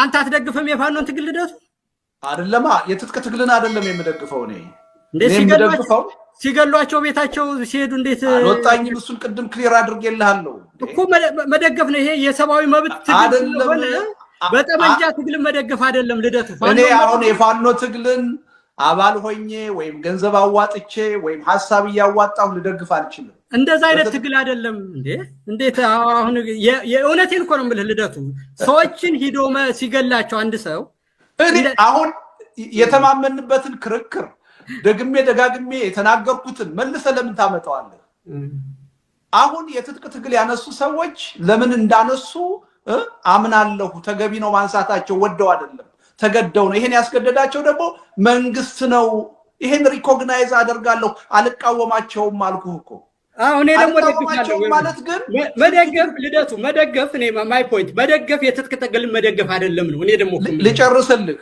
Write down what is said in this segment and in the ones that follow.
አንተ አትደግፍም የፋኖን ትግል ልደቱ? አይደለማ የትጥቅ ትግልን አይደለም የምደግፈው እኔ ሲገሏቸው ቤታቸው ሲሄዱ እንዴት ወጣኝ? እሱን ቅድም ክሊር አድርጌልሃለሁ እኮ መደገፍ ነው ይሄ የሰብአዊ መብት ትግል በጠመንጃ ትግልን መደገፍ አይደለም ልደቱ። እኔ አሁን የፋኖ ትግልን አባል ሆኜ ወይም ገንዘብ አዋጥቼ ወይም ሀሳብ እያዋጣሁ ልደግፍ አልችልም። እንደዛ አይነት ትግል አይደለም እንዴ! እንዴት አሁን የእውነቴን እኮ ነው የምልህ ልደቱ፣ ሰዎችን ሂዶ ሲገላቸው አንድ ሰው አሁን የተማመንበትን ክርክር ደግሜ ደጋግሜ የተናገርኩትን መልሰ ለምን ታመጣዋለህ? አሁን የትጥቅ ትግል ያነሱ ሰዎች ለምን እንዳነሱ አምናለሁ። ተገቢ ነው ማንሳታቸው፣ ወደው አይደለም ተገደው ነው። ይሄን ያስገደዳቸው ደግሞ መንግስት ነው። ይሄን ሪኮግናይዝ አደርጋለሁ፣ አልቃወማቸውም አልኩህ እኮ አሁን ደግሞ ደግፋለሁ መደገፍ ልደቱ መደገፍ እኔ ማይ ፖይንት መደገፍ የትጥቅ ትግልን መደገፍ አይደለም ነው። እኔ ደግሞ ልጨርስልህ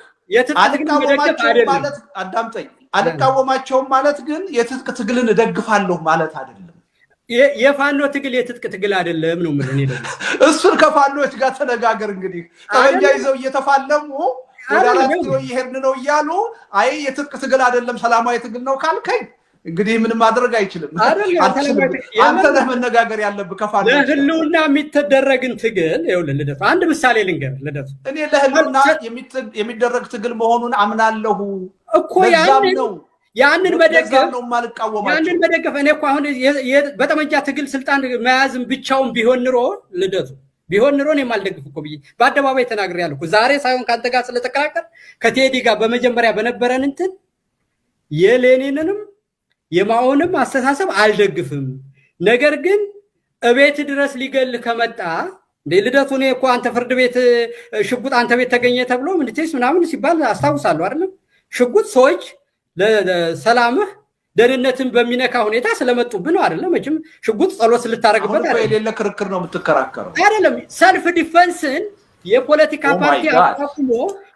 አዳምጠኝ። አልቃወማቸውም ማለት ግን የትጥቅ ትግልን እደግፋለሁ ማለት አይደለም። የፋኖ ትግል የትጥቅ ትግል አይደለም ነው ምን። እኔ ደግሞ እሱን ከፋኖች ጋር ተነጋገር እንግዲህ ጠበንጃ ይዘው እየተፋለሙ ወደ አራት ኪሎ እየሄድን ነው እያሉ አይ የትጥቅ ትግል አይደለም ሰላማዊ ትግል ነው ካልከኝ እንግዲህ ምንም ማድረግ አይችልም። አንተ ለመነጋገር ያለብህ ከፋ ለህልውና የሚተደረግን ትግል ልደቱ፣ አንድ ምሳሌ ልንገር። ልደቱ። እኔ ለህልውና የሚደረግ ትግል መሆኑን አምናለሁ እኮ ነው ያንን መደገፍ ነው የማልቃወማቸው። ያንን መደገፍ እኔ እኮ አሁን በጠመንጃ ትግል ስልጣን መያዝም ብቻውን ቢሆን ኑሮ ልደቱ ቢሆን ኑሮ እኔም አልደግፍ እኮ ብዬ በአደባባይ ተናግሬያለሁ እኮ ዛሬ ሳይሆን ከአንተ ጋር ስለተከራከር ከቴዲ ጋር በመጀመሪያ በነበረን እንትን የሌኒንንም የማኦንም አስተሳሰብ አልደግፍም። ነገር ግን እቤት ድረስ ሊገል ከመጣ ልደቱ እኔ እኮ አንተ ፍርድ ቤት ሽጉጥ አንተ ቤት ተገኘ ተብሎ ምንትስ ምናምን ሲባል አስታውሳለሁ። አይደለም ሽጉጥ ሰዎች ለሰላምህ ደህንነትን በሚነካ ሁኔታ ስለመጡብን ነው። አይደለም መቼም ሽጉጥ ጸሎት ስልታደረግበት የሌለ ክርክር ነው የምትከራከረው። አይደለም ሰልፍ ዲፈንስን የፖለቲካ oh ፓርቲ አቁሞ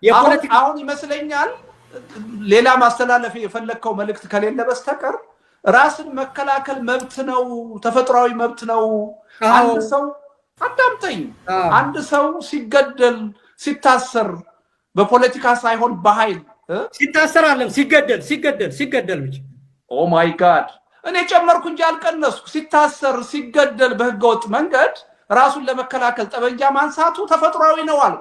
የፖለቲካ አሁን ይመስለኛል ሌላ ማስተላለፍ የፈለግከው መልእክት ከሌለ በስተቀር ራስን መከላከል መብት ነው፣ ተፈጥሯዊ መብት ነው። አንድ ሰው አዳምጠኝ፣ አንድ ሰው ሲገደል ሲታሰር በፖለቲካ ሳይሆን በኃይል ሲታሰር አለም ሲገደል ሲገደል ሲገደል ብቻ ኦ ማይ ጋድ እኔ ጨመርኩ እንጂ አልቀነስኩ። ሲታሰር ሲገደል በህገወጥ መንገድ ራሱን ለመከላከል ጠበንጃ ማንሳቱ ተፈጥሯዊ ነው አለ።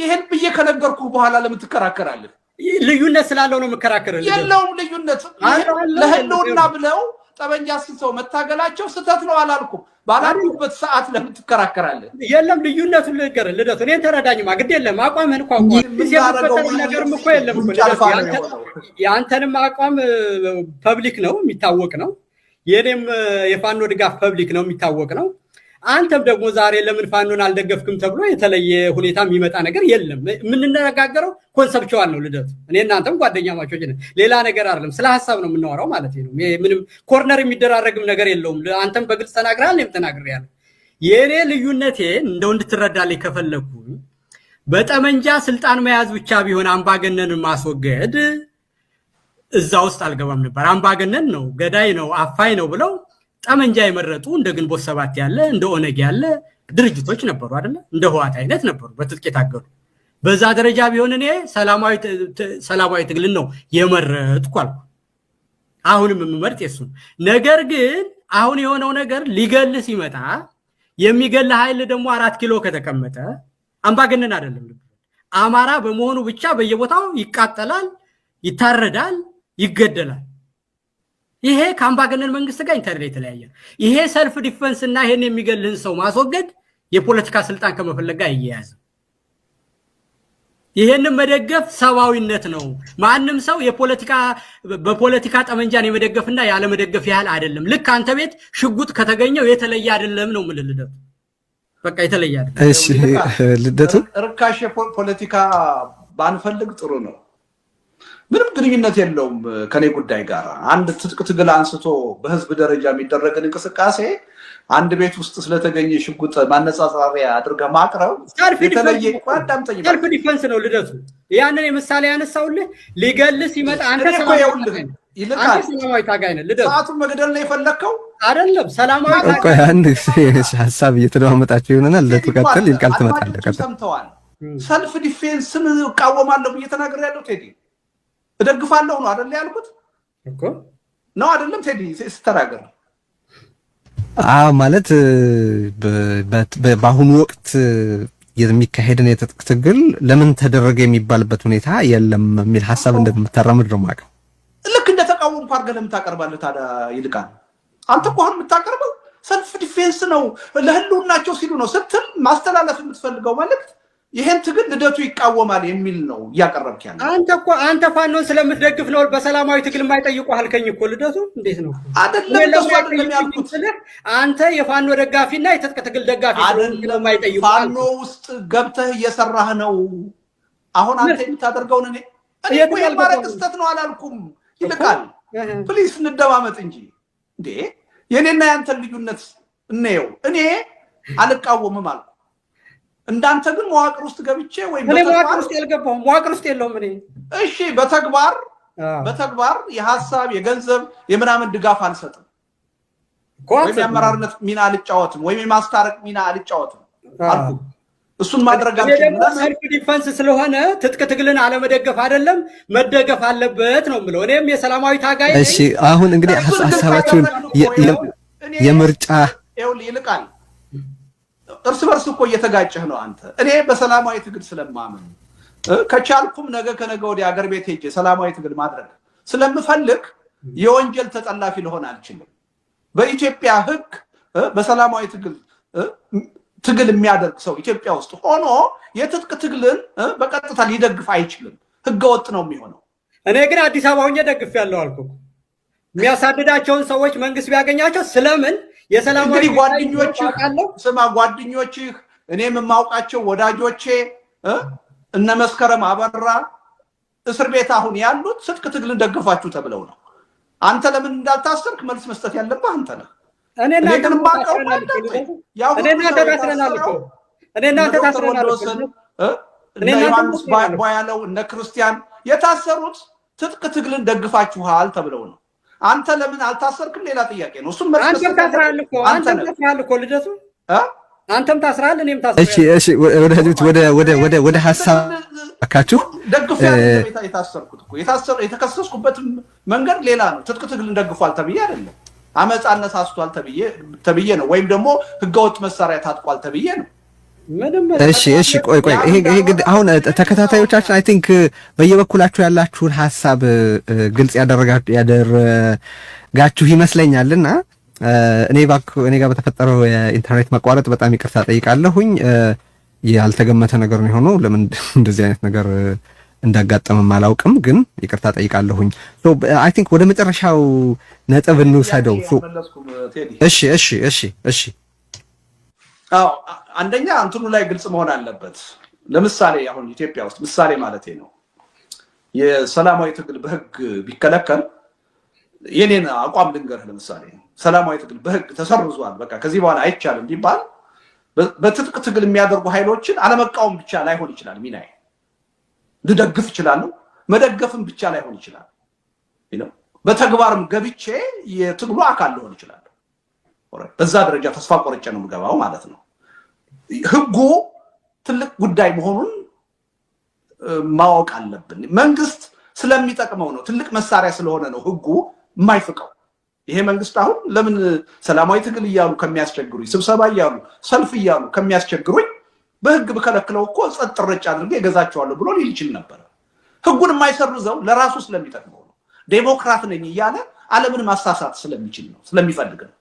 ይህን ብዬ ከነገርኩ በኋላ ለምን ትከራከራለህ? ልዩነት ስላለው ነው የምከራከር። የለውም ልዩነት። ለህልውና ብለው ጠመንጃ ስንሰው መታገላቸው ስህተት ነው አላልኩም። ባላሉበት ሰዓት ለምን ትከራከራለህ? የለም ልዩነቱ ልገር ልደቱ እኔን ተረዳኝማ። ግድ የለም አቋምህን እኮ ነገርም እኮ የለም። የአንተንም አቋም ፐብሊክ ነው የሚታወቅ ነው። የኔም የፋኖ ድጋፍ ፐብሊክ ነው የሚታወቅ ነው። አንተም ደግሞ ዛሬ ለምን ፋኖን አልደገፍክም ተብሎ የተለየ ሁኔታ የሚመጣ ነገር የለም። የምንነጋገረው ኮንሰፕቸዋል ነው ልደቱ። እኔ እናንተም ጓደኛ ማቾች ነን፣ ሌላ ነገር አይደለም። ስለ ሀሳብ ነው የምናወራው ማለት ነው። ምንም ኮርነር የሚደራረግም ነገር የለውም። አንተም በግልጽ ተናግረሃል፣ እኔም ተናግሬያለሁ። የእኔ ልዩነቴ እንደው እንድትረዳልኝ ከፈለግኩ በጠመንጃ ስልጣን መያዝ ብቻ ቢሆን አምባገነንን ማስወገድ እዛ ውስጥ አልገባም ነበር። አምባገነን ነው፣ ገዳይ ነው፣ አፋይ ነው ብለው ጠመንጃ የመረጡ እንደ ግንቦት ሰባት ያለ እንደ ኦነግ ያለ ድርጅቶች ነበሩ አይደለ? እንደ ህዋት አይነት ነበሩ በትጥቅ የታገሉ። በዛ ደረጃ ቢሆን እኔ ሰላማዊ ትግልን ነው የመረጥኩ አልኩ። አሁንም የምመርጥ የሱ ነገር ግን አሁን የሆነው ነገር ሊገል ሲመጣ የሚገል ኃይል ደግሞ አራት ኪሎ ከተቀመጠ አምባገነን አይደለም። አማራ በመሆኑ ብቻ በየቦታው ይቃጠላል፣ ይታረዳል፣ ይገደላል። ይሄ ከአምባገነን መንግስት ጋር ኢንተርኔት የተለያየ ነው። ይሄ ሰልፍ ዲፈንስ እና ይሄን የሚገልህን ሰው ማስወገድ የፖለቲካ ስልጣን ከመፈለግ ጋር አይያያዝም። ይሄንን መደገፍ ሰብአዊነት ነው። ማንም ሰው የፖለቲካ በፖለቲካ ጠመንጃን የመደገፍና ያለመደገፍ ያህል አይደለም። ልክ አንተ ቤት ሽጉጥ ከተገኘው የተለየ አይደለም ነው የምልህ ልደቱ። በቃ የተለየ አይደለም። እሺ ልደቱ፣ እርካሽ የፖለቲካ ባንፈልግ ጥሩ ነው። ምንም ግንኙነት የለውም ከኔ ጉዳይ ጋር። አንድ ትጥቅ ትግል አንስቶ በህዝብ ደረጃ የሚደረግን እንቅስቃሴ አንድ ቤት ውስጥ ስለተገኘ ሽጉጥ ማነጻጸሪያ አድርገ ማቅረብ የተለየ ሰልፍ ዲፈንስ ነው ልደቱ። ያንን የምሳሌ ያነሳውልህ ሊገልህ ሲመጣ አንተ ሰላማዊ ታጋይ ነህ ልደቱ። ሰዓቱን መግደል ነው የፈለግከው አይደለም። ሰላማዊ ታጋይ አንድ ሀሳብ እየተለዋመጣቸው ይሆነናል። ልደቱ ቀጥል፣ ይልቃል ትመጣለህ። ሰልፍ ዲፌንስን እቃወማለሁ እየተናገር ያለው ቴዲ እደግፋለሁ ነው አደለ ያልኩት ነው አደለም? ቴዲ ስተናገር አዎ ማለት በአሁኑ ወቅት የሚካሄድን የትጥቅ ትግል ለምን ተደረገ የሚባልበት ሁኔታ የለም የሚል ሀሳብ እንደምታራምድ ነው ማቀ ልክ እንደ ተቃወምኩ አድርገህ ለምን ታቀርባለህ ታዲያ? ይልቃል አንተ እኮ አሁን የምታቀርበው ሰልፍ ዲፌንስ ነው፣ ለህልውናቸው ሲሉ ነው ስትል ማስተላለፍ የምትፈልገው መልእክት። ይሄን ትግል ልደቱ ይቃወማል የሚል ነው እያቀረብክ ያለ። አንተ እኮ አንተ ፋኖን ስለምትደግፍ ነው በሰላማዊ ትግል የማይጠይቁ አልከኝ እኮ ልደቱ። እንዴት ነው አንተ የፋኖ ደጋፊና የትጥቅ ትግል ደጋፊ የማይጠይቁ ፋኖ ውስጥ ገብተህ እየሰራህ ነው። አሁን አንተ የምታደርገውን እኔ እኔ የማረግ ስተት ነው አላልኩም። ይልቃል ፕሊስ እንደማመጥ እንጂ እንዴ የእኔና ያንተን ልዩነት እንየው። እኔ አልቃወምም አልኩ እንዳንተ ግን መዋቅር ውስጥ ገብቼ ወይም መዋቅር ውስጥ ያልገባሁም መዋቅር ውስጥ የለውም እኔ። እሺ፣ በተግባር በተግባር የሀሳብ የገንዘብ የምናምን ድጋፍ አልሰጥም፣ ወይም የአመራርነት ሚና አልጫወትም፣ ወይም የማስታረቅ ሚና አልጫወትም አልኩ። እሱን ማድረግ ሰልፍ ዲፈንስ ስለሆነ ትጥቅ ትግልን አለመደገፍ አይደለም መደገፍ አለበት ነው ምለው እኔም የሰላማዊ ታጋይ። እሺ፣ አሁን እንግዲህ ሀሳባችሁን የምርጫ ይልቃል እርስ በርስ እኮ እየተጋጨህ ነው አንተ። እኔ በሰላማዊ ትግል ስለማምን ከቻልኩም ነገ ከነገ ወዲያ አገር ቤት ሄጄ ሰላማዊ ትግል ማድረግ ስለምፈልግ የወንጀል ተጠላፊ ልሆን አልችልም። በኢትዮጵያ ሕግ በሰላማዊ ትግል ትግል የሚያደርግ ሰው ኢትዮጵያ ውስጥ ሆኖ የትጥቅ ትግልን በቀጥታ ሊደግፍ አይችልም። ህገወጥ ነው የሚሆነው። እኔ ግን አዲስ አበባ ሁኜ ደግፍ ያለው አልኩ። የሚያሳድዳቸውን ሰዎች መንግስት ቢያገኛቸው ስለምን የሰላማዊ ጓደኞችህ ስማ፣ ጓደኞችህ እኔም የማውቃቸው ወዳጆቼ እነ መስከረም አበራ እስር ቤት አሁን ያሉት ስጥቅ ትግልን ደግፋችሁ ተብለው ነው። አንተ ለምን እንዳልታሰርክ መልስ መስጠት ያለብህ አንተ ነህ። እነ ዮሐንስ ባያለው እነ ክርስቲያን የታሰሩት ትጥቅ ትግልን ደግፋችኋል ተብለው ነው። አንተ ለምን አልታሰርክም? ሌላ ጥያቄ ነው። እሱም አንተም ታስራል እኮ አንተም ታስራል እኮ ልደቱ አንተም ታስራል፣ እኔም ታስራል። እሺ፣ እሺ፣ ወደ ወደ ወደ ወደ ሐሳብ አካችሁ ደግፎ የታሰርኩት እኮ የታሰር የተከሰስኩበት መንገድ ሌላ ነው። ትጥቅ ትግል ደግፏል ተብዬ አይደለም። አመፃነት አስቷል ተብዬ ተብዬ ነው። ወይም ደግሞ ህገወጥ መሳሪያ ታጥቋል ተብዬ ነው። እሺ እሺ፣ ቆይ ቆይ፣ ይሄ ይሄ አሁን ተከታታዮቻችን አይ ቲንክ በየበኩላችሁ ያላችሁን ሀሳብ ግልጽ ያደረጋችሁ ይመስለኛልና እኔ እኔ ጋር በተፈጠረው የኢንተርኔት መቋረጥ በጣም ይቅርታ ጠይቃለሁኝ። ያልተገመተ ነገር ነው የሆነው። ለምን እንደዚህ አይነት ነገር እንዳጋጠመም አላውቅም፣ ግን ይቅርታ ጠይቃለሁኝ። ሶ አይ ቲንክ ወደ መጨረሻው ነጥብ እንውሰደው። እሺ እሺ እሺ እሺ። አዎ አንደኛ እንትኑ ላይ ግልጽ መሆን አለበት። ለምሳሌ አሁን ኢትዮጵያ ውስጥ ምሳሌ ማለት ነው የሰላማዊ ትግል በህግ ቢከለከል የኔን አቋም ልንገርህ። ለምሳሌ ሰላማዊ ትግል በህግ ተሰርዟል፣ በቃ ከዚህ በኋላ አይቻልም ቢባል በትጥቅ ትግል የሚያደርጉ ኃይሎችን አለመቃወም ብቻ ላይሆን ይችላል ሚናዬ። ልደግፍ እችላለሁ፣ መደገፍም ብቻ ላይሆን ይችላል። በተግባርም ገብቼ የትግሉ አካል ልሆን ይችላል። በዛ ደረጃ ተስፋ ቆርጬ ነው የምገባው ማለት ነው። ህጉ ትልቅ ጉዳይ መሆኑን ማወቅ አለብን። መንግስት ስለሚጠቅመው ነው፣ ትልቅ መሳሪያ ስለሆነ ነው ህጉ የማይፍቀው። ይሄ መንግስት አሁን ለምን ሰላማዊ ትግል እያሉ ከሚያስቸግሩኝ፣ ስብሰባ እያሉ ሰልፍ እያሉ ከሚያስቸግሩኝ በህግ ብከለክለው እኮ ጸጥ ረጭ አድርገ የገዛቸዋለሁ ብሎ ሊል ይችል ነበረ። ህጉን የማይሰርዘው ለራሱ ስለሚጠቅመው ነው። ዴሞክራት ነኝ እያለ አለምን ማሳሳት ስለሚችል ነው ስለሚፈልግ ነው።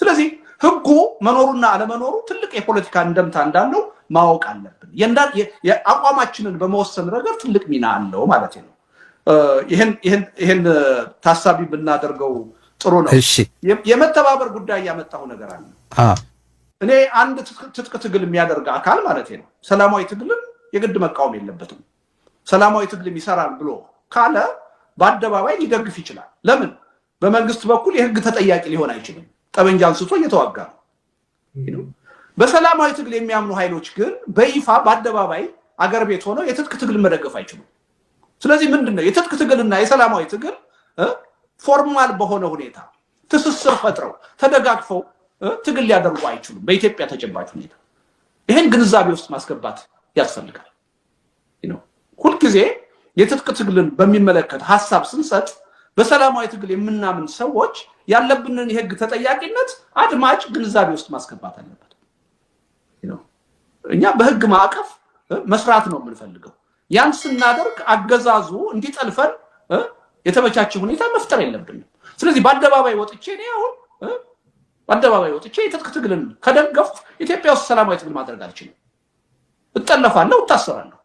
ስለዚህ ህጉ መኖሩና አለመኖሩ ትልቅ የፖለቲካ እንደምታ እንዳለው ማወቅ አለብን። የአቋማችንን በመወሰን ረገድ ትልቅ ሚና አለው ማለት ነው። ይህን ታሳቢ ብናደርገው ጥሩ ነው። የመተባበር ጉዳይ ያመጣው ነገር አለ። እኔ አንድ ትጥቅ ትግል የሚያደርግ አካል ማለት ነው ሰላማዊ ትግልን የግድ መቃወም የለበትም። ሰላማዊ ትግልም ይሰራል ብሎ ካለ በአደባባይ ሊደግፍ ይችላል። ለምን? በመንግስት በኩል የህግ ተጠያቂ ሊሆን አይችልም። ጠበንጃ አንስቶ እየተዋጋ ነው። በሰላማዊ ትግል የሚያምኑ ኃይሎች ግን በይፋ በአደባባይ አገር ቤት ሆነው የትጥቅ ትግል መደገፍ አይችሉም። ስለዚህ ምንድን ነው የትጥቅ ትግልና የሰላማዊ ትግል ፎርማል በሆነ ሁኔታ ትስስር ፈጥረው ተደጋግፈው ትግል ሊያደርጉ አይችሉም። በኢትዮጵያ ተጨባጭ ሁኔታ ይህን ግንዛቤ ውስጥ ማስገባት ያስፈልጋል። ሁልጊዜ የትጥቅ ትግልን በሚመለከት ሀሳብ ስንሰጥ በሰላማዊ ትግል የምናምን ሰዎች ያለብንን የህግ ተጠያቂነት አድማጭ ግንዛቤ ውስጥ ማስገባት አለበት። እኛ በህግ ማዕቀፍ መስራት ነው የምንፈልገው። ያን ስናደርግ አገዛዙ እንዲጠልፈን የተመቻቸ ሁኔታ መፍጠር የለብንም። ስለዚህ በአደባባይ ወጥቼ እኔ አሁን በአደባባይ ወጥቼ የትጥቅ ትግልን ከደገፍኩ ኢትዮጵያ ውስጥ ሰላማዊ ትግል ማድረግ አልችልም። እጠለፋለሁ፣ እታሰራለሁ።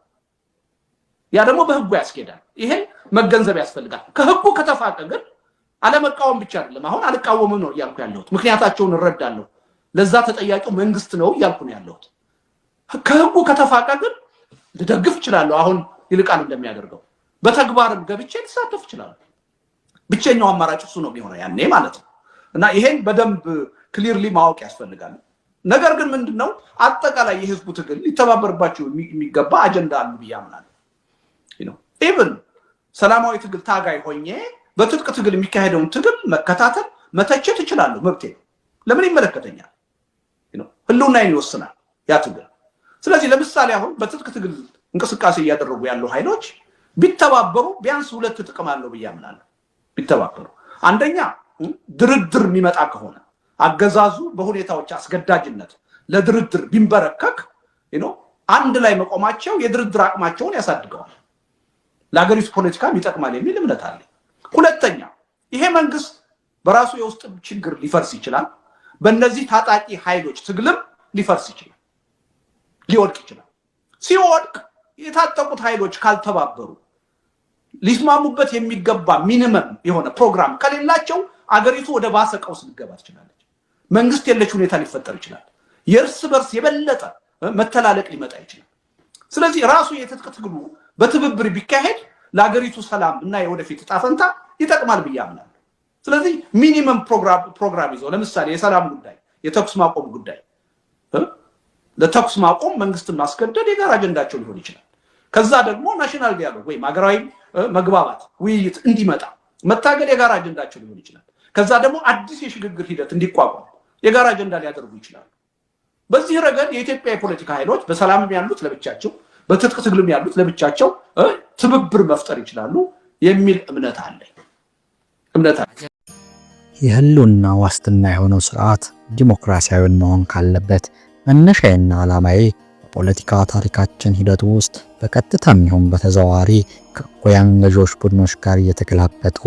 ያ ደግሞ በህጉ ያስኬዳል። ይሄን መገንዘብ ያስፈልጋል። ከህጉ ከተፋቀ ግን አለመቃወም ብቻ አይደለም። አሁን አልቃወምም ነው እያልኩ ያለሁት፣ ምክንያታቸውን እረዳለሁ። ለዛ ተጠያቂው መንግስት ነው እያልኩ ነው ያለሁት። ከህጉ ከተፋቀ ግን ልደግፍ እችላለሁ። አሁን ይልቃል እንደሚያደርገው በተግባርም ገብቼ ልሳተፍ እችላለሁ። ብቸኛው አማራጭ እሱ ነው የሚሆነው ያኔ ማለት ነው። እና ይሄን በደንብ ክሊርሊ ማወቅ ያስፈልጋል። ነገር ግን ምንድን ነው አጠቃላይ የህዝቡ ትግል ሊተባበርባቸው የሚገባ አጀንዳ አሉ ብዬ አምናለሁ። ኢቭን ሰላማዊ ትግል ታጋይ ሆኜ በትጥቅ ትግል የሚካሄደውን ትግል መከታተል፣ መተቸት እችላለሁ፣ መብቴ ነው። ለምን ይመለከተኛል? ህልውናዬን ይወስናል ያ ትግል። ስለዚህ ለምሳሌ አሁን በትጥቅ ትግል እንቅስቃሴ እያደረጉ ያሉ ኃይሎች ቢተባበሩ ቢያንስ ሁለት ጥቅም አለው ብዬ አምናለሁ። ቢተባበሩ አንደኛ ድርድር የሚመጣ ከሆነ አገዛዙ በሁኔታዎች አስገዳጅነት ለድርድር ቢንበረከክ አንድ ላይ መቆማቸው የድርድር አቅማቸውን ያሳድገዋል፣ ለሀገሪቱ ፖለቲካም ይጠቅማል የሚል እምነት አለኝ። ሁለተኛ ይሄ መንግስት በራሱ የውስጥ ችግር ሊፈርስ ይችላል። በእነዚህ ታጣቂ ኃይሎች ትግልም ሊፈርስ ይችላል፣ ሊወድቅ ይችላል። ሲወድቅ የታጠቁት ኃይሎች ካልተባበሩ ሊስማሙበት የሚገባ ሚኒመም የሆነ ፕሮግራም ከሌላቸው አገሪቱ ወደ ባሰ ቀውስ ልገባ ትችላለች። መንግስት የለች ሁኔታ ሊፈጠር ይችላል። የእርስ በርስ የበለጠ መተላለቅ ሊመጣ ይችላል። ስለዚህ ራሱ የትጥቅ ትግሉ በትብብር ቢካሄድ ለሀገሪቱ ሰላም እና የወደፊት እጣ ፈንታ ይጠቅማል ብዬ አምናለሁ። ስለዚህ ሚኒመም ፕሮግራም ይዘው ለምሳሌ የሰላም ጉዳይ፣ የተኩስ ማቆም ጉዳይ ለተኩስ ማቆም መንግስትን ማስገደድ የጋራ አጀንዳቸው ሊሆን ይችላል። ከዛ ደግሞ ናሽናል ዲያሎግ ወይም ሀገራዊ መግባባት ውይይት እንዲመጣ መታገል የጋራ አጀንዳቸው ሊሆን ይችላል። ከዛ ደግሞ አዲስ የሽግግር ሂደት እንዲቋቋም የጋራ አጀንዳ ሊያደርጉ ይችላሉ። በዚህ ረገድ የኢትዮጵያ የፖለቲካ ኃይሎች በሰላምም ያሉት ለብቻቸው በትጥቅ ትግልም ያሉት ለብቻቸው ትብብር መፍጠር ይችላሉ የሚል እምነት አለኝ እምነት አለ። የህልውና ዋስትና የሆነው ስርዓት ዲሞክራሲያዊን መሆን ካለበት መነሻዬና ዓላማዬ በፖለቲካ ታሪካችን ሂደት ውስጥ በቀጥታም ይሁን በተዘዋዋሪ ከእኩያን ገዢዎች ቡድኖች ጋር እየተገላበጡ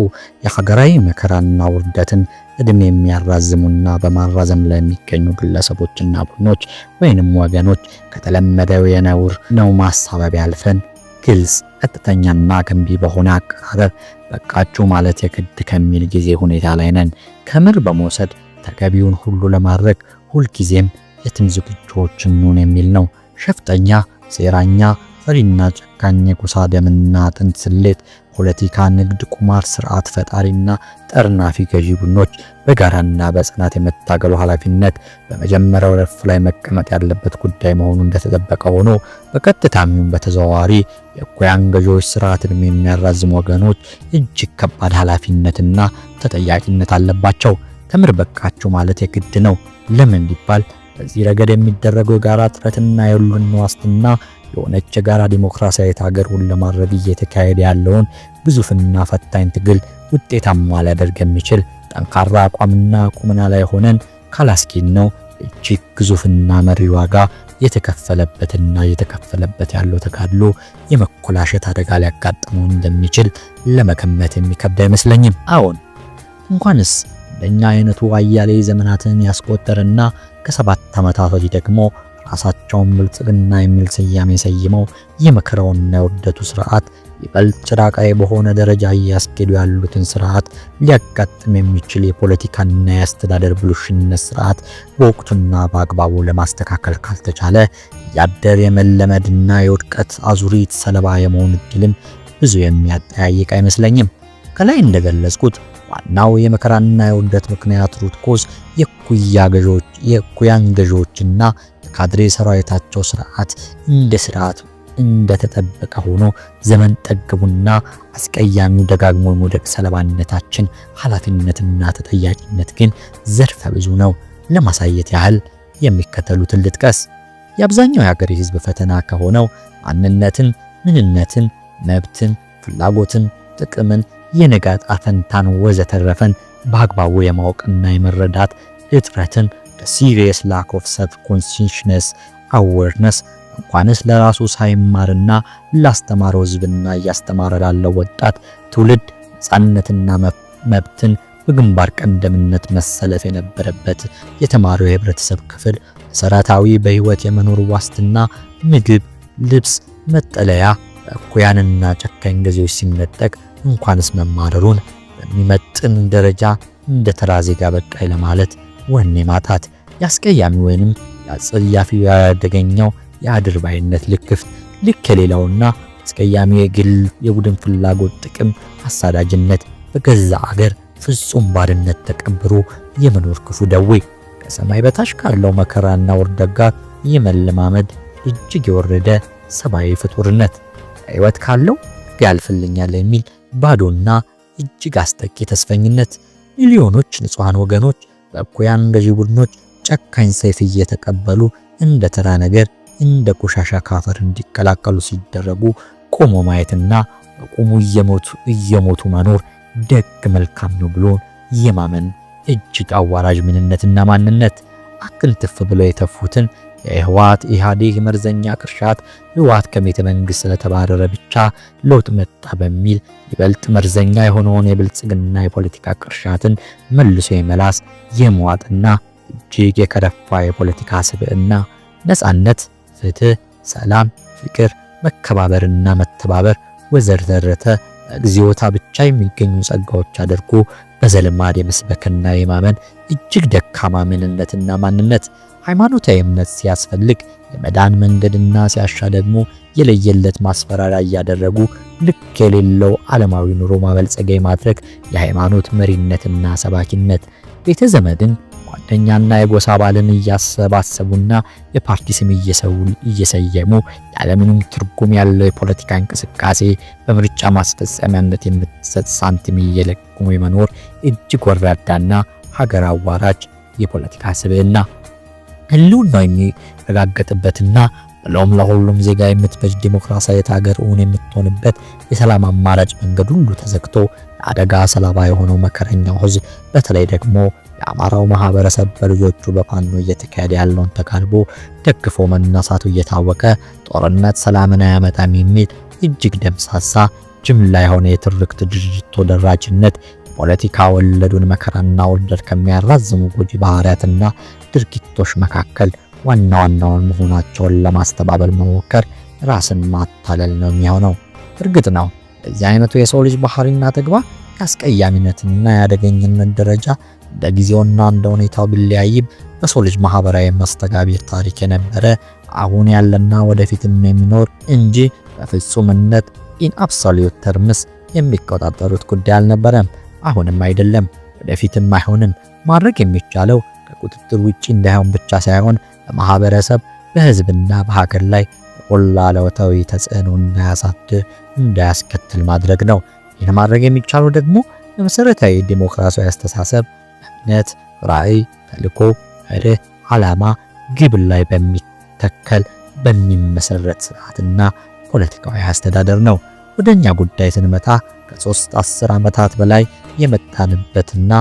የሀገራዊ መከራና ውርደትን እድሜ የሚያራዝሙና በማራዘም ላይ የሚገኙ ግለሰቦችና ቡድኖች ወይንም ወገኖች ከተለመደው የነውር ነው ማሳበብ ያልፈን ግልጽ፣ ቀጥተኛና ገንቢ በሆነ አቀራረብ በቃችሁ ማለት የግድ ከሚል ጊዜ ሁኔታ ላይ ነን ከምር በመውሰድ ተገቢውን ሁሉ ለማድረግ ሁልጊዜም የትም ዝግጁዎች እንሁን የሚል ነው። ሸፍጠኛ፣ ሴራኛ፣ ፈሪና ጨካኝ፣ የጎሳ ደምና አጥንት ስሌት፣ ፖለቲካ፣ ንግድ፣ ቁማር፣ ስርዓት ፈጣሪና ጠርናፊ ገዢ ቡድኖች በጋራና በጽናት የመታገሉ ኃላፊነት በመጀመሪያው ረድፍ ላይ መቀመጥ ያለበት ጉዳይ መሆኑ እንደተጠበቀ ሆኖ በቀጥታም ይሁን በተዘዋዋሪ የኩያን ገዢዎች ስርዓት ዕድሜ የሚያራዝሙ ወገኖች እጅግ ከባድ ኃላፊነትና ተጠያቂነት አለባቸው። ተምር በቃችሁ ማለት የግድ ነው። ለምን ቢባል በዚህ ረገድ የሚደረገው የጋራ ጥረትና የሁሉን ዋስትና የሆነች የጋራ ዲሞክራሲያዊት ሀገሩን ለማድረግ እየተካሄደ ያለውን ግዙፍና ፈታኝ ትግል ውጤታማ ሊያደርግ የሚችል ጠንካራ አቋምና ቁመና ላይ ሆነን ካላስኪን ነው እጅግ ግዙፍና መሪ ዋጋ የተከፈለበትና እየተከፈለበት ያለው ተጋድሎ የመኮላሸት አደጋ ሊያጋጥመው እንደሚችል ለመገመት የሚከብድ አይመስለኝም። አዎን እንኳንስ ለእኛ አይነቱ አያሌ ዘመናትን ያስቆጠረና ከሰባት ዓመታት ወዲህ ደግሞ ራሳቸውን ብልጽግና የሚል ስያሜ ሰይመው የመከራውና የውርደቱ ስርዓት ይበልጥ ጭራቃይ በሆነ ደረጃ እያስኬዱ ያሉትን ስርዓት ሊያጋጥም የሚችል የፖለቲካና የአስተዳደር ብሉሽነት ስርዓት በወቅቱና በአግባቡ ለማስተካከል ካልተቻለ ያደር የመለመድና የውድቀት አዙሪት ሰለባ የመሆን እድልም ብዙ የሚያጠያይቅ አይመስለኝም። ከላይ እንደገለጽኩት ዋናው የመከራና የውርደት ምክንያት ሩት ኮዝ የኩያ ገዦች የኩያን ገዦችና የካድሬ ሰራዊታቸው ስርዓት እንደ ስርዓት እንደተጠበቀ ሆኖ ዘመን ጠግቡና አስቀያሚ ደጋግሞ የመውደቅ ሰለባነታችን ኃላፊነትና ተጠያቂነት ግን ዘርፈ ብዙ ነው። ለማሳየት ያህል የሚከተሉትን ልጥቀስ። የአብዛኛው የሀገር ህዝብ ፈተና ከሆነው ማንነትን፣ ምንነትን፣ መብትን፣ ፍላጎትን፣ ጥቅምን የንጋት አፈንታን ወዘተረፈን በአግባቡ የማወቅና የመረዳት እጥረትን ሲሪየስ ላክ ኦፍ ሰብ ኮንሲሽነስ አወርነስ እንኳንስ ለራሱ ሳይማርና ላስተማረው ህዝብና እያስተማረ ላለው ወጣት ትውልድ ነፃነትና መብትን በግንባር ቀደምነት መሰለፍ የነበረበት የተማሪው የህብረተሰብ ክፍል መሰረታዊ በህይወት የመኖር ዋስትና ምግብ፣ ልብስ፣ መጠለያ በእኩያንና ጨካኝ ገዢዎች ሲነጠቅ እንኳንስ መማረሩን በሚመጥን ደረጃ እንደ ተራ ዜጋ በቃይ ለማለት ወኔ ማጣት ያስቀያሚ ወይንም ያጸያፊው ያደገኘው የአድርባይነት ልክፍት ልክ የሌለውና አስቀያሚ የግል የቡድን ፍላጎት ጥቅም አሳዳጅነት በገዛ አገር ፍጹም ባርነት ተቀብሮ የመኖር ክፉ ደዌ ከሰማይ በታች ካለው መከራና ውርደት ጋር የመለማመድ እጅግ የወረደ ሰብአዊ ፍጡርነት ሕይወት ካለው ያልፍልኛል የሚል ባዶና እጅግ አስጠቂ ተስፈኝነት ሚሊዮኖች ንጹሐን ወገኖች በእኩያን ገዢ ቡድኖች ጨካኝ ሰይፍ እየተቀበሉ እንደ ተራ ነገር እንደ ቆሻሻ ካፈር እንዲቀላቀሉ ሲደረጉ ቆሞ ማየትና በቁሙ እየሞቱ እየሞቱ መኖር ደግ መልካም ነው ብሎ የማመን እጅግ አዋራጅ ምንነትና ማንነት አክልትፍ ብለው የተፉትን የህወሓት ኢህአዴግ መርዘኛ ቅርሻት ህወሓት ከቤተ መንግስት ስለተባረረ ብቻ ለውጥ መጣ በሚል ይበልጥ መርዘኛ የሆነውን የብልጽግና የፖለቲካ ቅርሻትን መልሶ የመላስ የመዋጥና እጅግ የከረፋ የፖለቲካ ስብዕና ነጻነት፣ ፍትህ፣ ሰላም፣ ፍቅር፣ መከባበርና መተባበር ወዘርዘረተ እግዚኦታ ብቻ የሚገኙ ጸጋዎች አድርጎ በዘልማድ የመስበክና የማመን እጅግ ደካማ ምንነትና ማንነት ሃይማኖታዊ እምነት ሲያስፈልግ የመዳን መንገድና ሲያሻ ደግሞ የለየለት ማስፈራሪያ እያደረጉ ልክ የሌለው ዓለማዊ ኑሮ ማበልጸጊያ ማድረግ የሃይማኖት መሪነትና ሰባኪነት ቤተ ዘመድን ጓደኛና የጎሳ ባልን እያሰባሰቡና የፓርቲ ስም እየሰየሙ ያለምንም ትርጉም ያለው የፖለቲካ እንቅስቃሴ በምርጫ ማስፈጸሚያነት የምትሰጥ ሳንቲም እየለቁሙ የመኖር እጅግ ወራዳና ሀገር አዋራጅ የፖለቲካ ስብዕና ህልውናው የሚረጋገጥበትና ብሎም ለሁሉም ዜጋ የምትበጅ ዲሞክራሲያዊት ሀገር እውን የምትሆንበት የሰላም አማራጭ መንገድ ሁሉ ተዘግቶ ለአደጋ ሰለባ የሆነው መከረኛው ህዝብ በተለይ ደግሞ የአማራው ማህበረሰብ በልጆቹ በፋኖ እየተካሄደ ያለውን ተጋድሎ ደግፎ መነሳቱ እየታወቀ ጦርነት ሰላምን አያመጣም የሚል እጅግ ደምሳሳ ጅምላ የሆነ የትርክት ድርጅት ተደራጅነት ፖለቲካ ወለዱን መከራና ውርደት ከሚያራዝሙ ጎጂ ባህሪያትና ድርጊቶች መካከል ዋና ዋናውን መሆናቸውን ለማስተባበል መሞከር ራስን ማታለል ነው የሚሆነው። እርግጥ ነው በዚህ አይነቱ የሰው ልጅ ባህሪና ተግባር የአስቀያሚነትና የአደገኝነት ደረጃ እንደ ጊዜውና እንደ ሁኔታው ቢለያይም በሰው ልጅ ማህበራዊ መስተጋቢር ታሪክ የነበረ አሁን ያለና ወደፊትም የሚኖር እንጂ በፍጹምነት ኢን አብሶሉት ተርምስ የሚቆጣጠሩት ጉዳይ አልነበረም። አሁንም አይደለም፣ ወደፊትም አይሆንም። ማድረግ የሚቻለው ከቁጥጥር ውጪ እንዳይሆን ብቻ ሳይሆን በማህበረሰብ በህዝብና በሀገር ላይ ቆላ ለውታዊ ተጽዕኖ እንዳያሳድ እንዳያስከትል ማድረግ ነው። ይህ ማድረግ የሚቻለው ደግሞ በመሰረታዊ ዲሞክራሲያዊ አስተሳሰብ፣ እምነት፣ ራዕይ፣ ተልኮ መርህ፣ ዓላማ፣ ግብ ላይ በሚተከል በሚመሰረት ስርዓትና ፖለቲካዊ አስተዳደር ነው። ወደኛ ጉዳይ ስንመታ ከሶስት አስር ዓመታት በላይ የመጣንበትና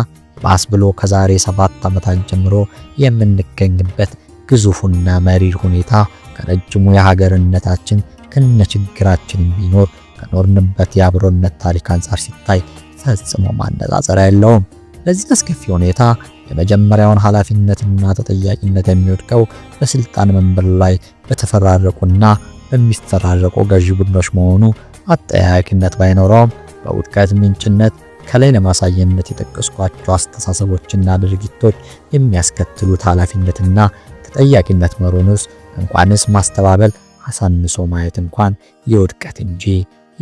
ባስ ብሎ ከዛሬ ሰባት ዓመታት ጀምሮ የምንገኝበት ግዙፉና መሪር ሁኔታ ከረጅሙ የሀገርነታችን ከነ ችግራችን ቢኖር ከኖርንበት የአብሮነት ታሪክ አንጻር ሲታይ ፈጽሞ ማነጻጸር የለውም። ለዚህ አስከፊ ሁኔታ የመጀመሪያውን ኃላፊነትና ተጠያቂነት የሚወድቀው በስልጣን መንበር ላይ በተፈራረቁና በሚፈራረቁ ገዢ ቡድኖች መሆኑ አጠያያቂነት ባይኖረውም በውድቀት ምንጭነት ከላይ ለማሳየነት የጠቀስኳቸው አስተሳሰቦችና ድርጊቶች የሚያስከትሉት ኃላፊነትና ተጠያቂነት መሮንስ እንኳንስ ማስተባበል አሳንሶ ማየት እንኳን የውድቀት እንጂ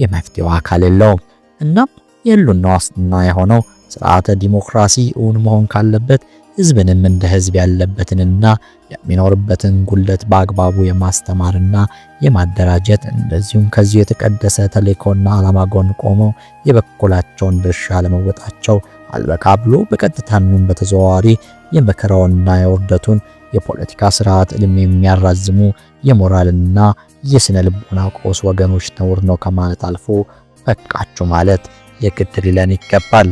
የመፍትሄው አካል የለውም። እናም የህልውና ዋስትና የሆነው ስርዓተ ዲሞክራሲ እውን መሆን ካለበት ህዝብንም እንደ ህዝብ ያለበትንና የሚኖርበትን ጉድለት በአግባቡ የማስተማርና የማደራጀት እንደዚሁም ከዚሁ የተቀደሰ ተልእኮና ዓላማ ጎን ቆሞ የበኩላቸውን ድርሻ ለመወጣቸው አልበቃ ብሎ በቀጥታም በተዘዋዋሪ የመከራውንና የውርደቱን የፖለቲካ ስርዓት እድሜ የሚያራዝሙ የሞራልና የስነ ልቦና ቆስ ወገኖች ነውር ነው ከማለት አልፎ በቃችሁ ማለት የግድ ሊለን ይገባል።